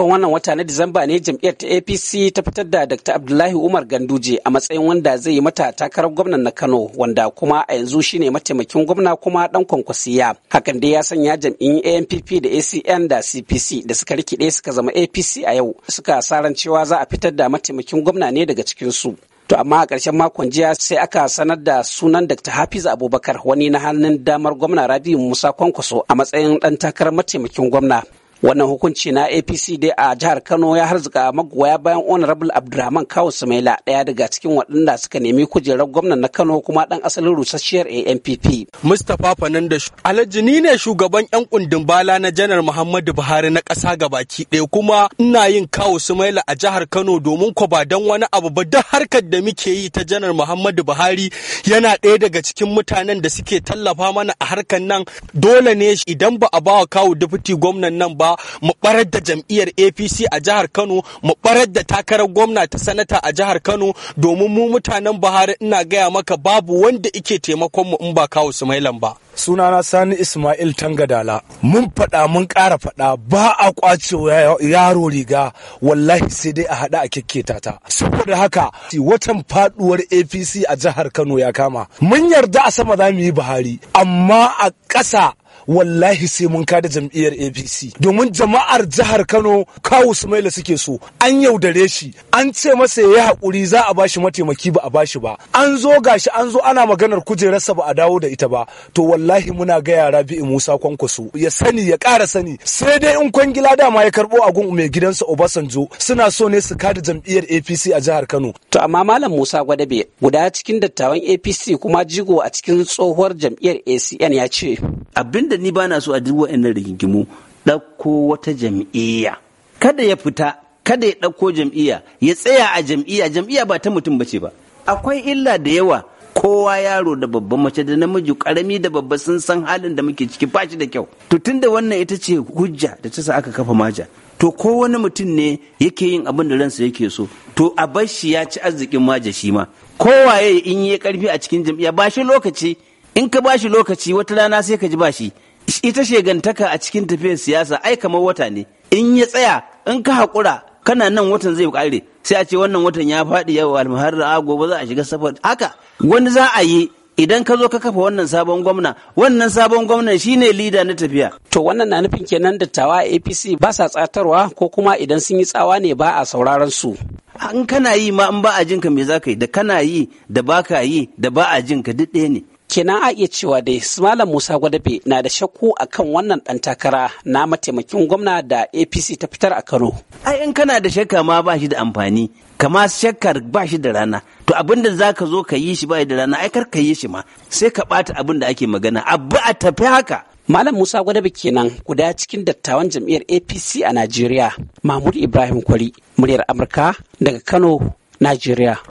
farkon wannan wata na Disamba ne jam'iyyar ta APC ta fitar da Dr. Abdullahi Umar Ganduje a matsayin wanda zai yi mata takarar gwamnan na Kano wanda kuma a yanzu shine mataimakin gwamna kuma dan kwankwasiya. Hakan dai ya sanya jam'iyyun ANPP da ACN da CPC da suka rikide suka zama APC a yau suka saran cewa za a fitar da mataimakin gwamna ne daga cikin su. To amma a ƙarshen makon jiya sai aka sanar da sunan Dr. Hafiz Abubakar wani na hannun damar gwamna Rabi'u Musa Kwankwaso a matsayin ɗan takarar mataimakin gwamna. wannan hukunci na apc dai a jihar kano ya harzuka magoya bayan honorable abdulrahman Kawu sumaila ɗaya daga cikin waɗanda suka nemi kujerar gwamnan na kano kuma ɗan asalin rusasshiyar ampp mustapha fernandes alhaji ni ne shugaban yan kundin bala na janar muhammadu buhari na ƙasa baki ɗaya kuma ina yin kawu sumaila a jihar kano domin ko ba don wani abu ba duk harkar da muke yi ta janar muhammadu buhari yana ɗaya daga cikin mutanen da suke tallafa mana a harkar nan dole ne idan ba a ba wa kawo dufuti gwamnan nan ba mu barar da jam'iyyar APC a jihar Kano mu barar da takarar gwamna ta sanata a jihar Kano domin mu mutanen Buhari ina gaya maka babu wanda ike taimakon mu in ba kawo Sumailan ba. Sunana Sani Ismail Tangadala mun faɗa mun ƙara faɗa ba a ƙwace yaro riga wallahi sai dai a haɗa a kyakketa ta. Saboda haka watan faɗuwar APC a jihar Kano ya kama. Mun yarda a sama za mu yi Buhari amma a ƙasa wallahi sai mun kada jam'iyyar apc domin jama'ar jihar kano kawu sumaila suke so an yaudare shi an ce masa ya haƙuri za a bashi mataimaki ba a bashi ba an zo gashi an zo ana maganar kujerarsa ba a dawo da ita ba to wallahi muna ga yara bi'i musa kwankwaso ya sani ya ƙara sani sai dai in kwangila dama ya karɓo agun mai gidansa obasanjo suna so ne su kada jam'iyyar apc a jihar kano to amma malam musa gwadabe guda cikin dattawan apc kuma jigo a cikin tsohuwar jam'iyyar acn ya ce abinda ni bana so a duk wa'annan rigingimu ɗauko wata jam'iyya kada ya fita kada ya ɗauko jam'iyya ya tsaya a jam'iyya jam'iyya ba ta mutum bace ba akwai illa da yawa kowa yaro da babban mace da namiji karami da babba sun san halin da muke ciki ba da kyau to tunda wannan ita ce hujja da ta sa aka kafa maja to ko wani mutum ne yake yin abin da ransa yake so to a bar shi ya ci arzikin maja shi ma kowaye in yi karfi a cikin jam'iyya ba shi lokaci in ka ba shi lokaci wata rana sai ka ji ba shi ita shegantaka a cikin tafiyar siyasa ai kamar wata ne in ya tsaya in ka haƙura kana nan watan zai ƙare sai a ce wannan watan ya faɗi yau almuharra gobe za a shiga safar haka wani za a yi idan ka zo ka kafa wannan sabon gwamna wannan sabon gwamnan shine lida na tafiya to wannan na nufin kenan da a apc ba sa tsatarwa ko kuma idan sun yi tsawa ne ba a sauraron su in kana yi ma in ba a jinka me za ka yi da kana yi da ba ka yi da ba a jinka duk ɗaya ne kenan a iya cewa dai malam musa gwadabe na da shakku akan wannan dan takara na mataimakin gwamna da apc ta fitar a kano ai in kana da shakka ma ba shi da amfani kama shakkar ba shi da rana to abin da za ka zo ka yi shi ba da rana ai kar ka yi shi ma sai ka ɓata abin da ake magana abu a tafi haka Malam Musa Gwadabe kenan guda cikin dattawan jam'iyyar APC a Najeriya, Mahmud Ibrahim Kwari, muryar Amurka daga Kano, Najeriya.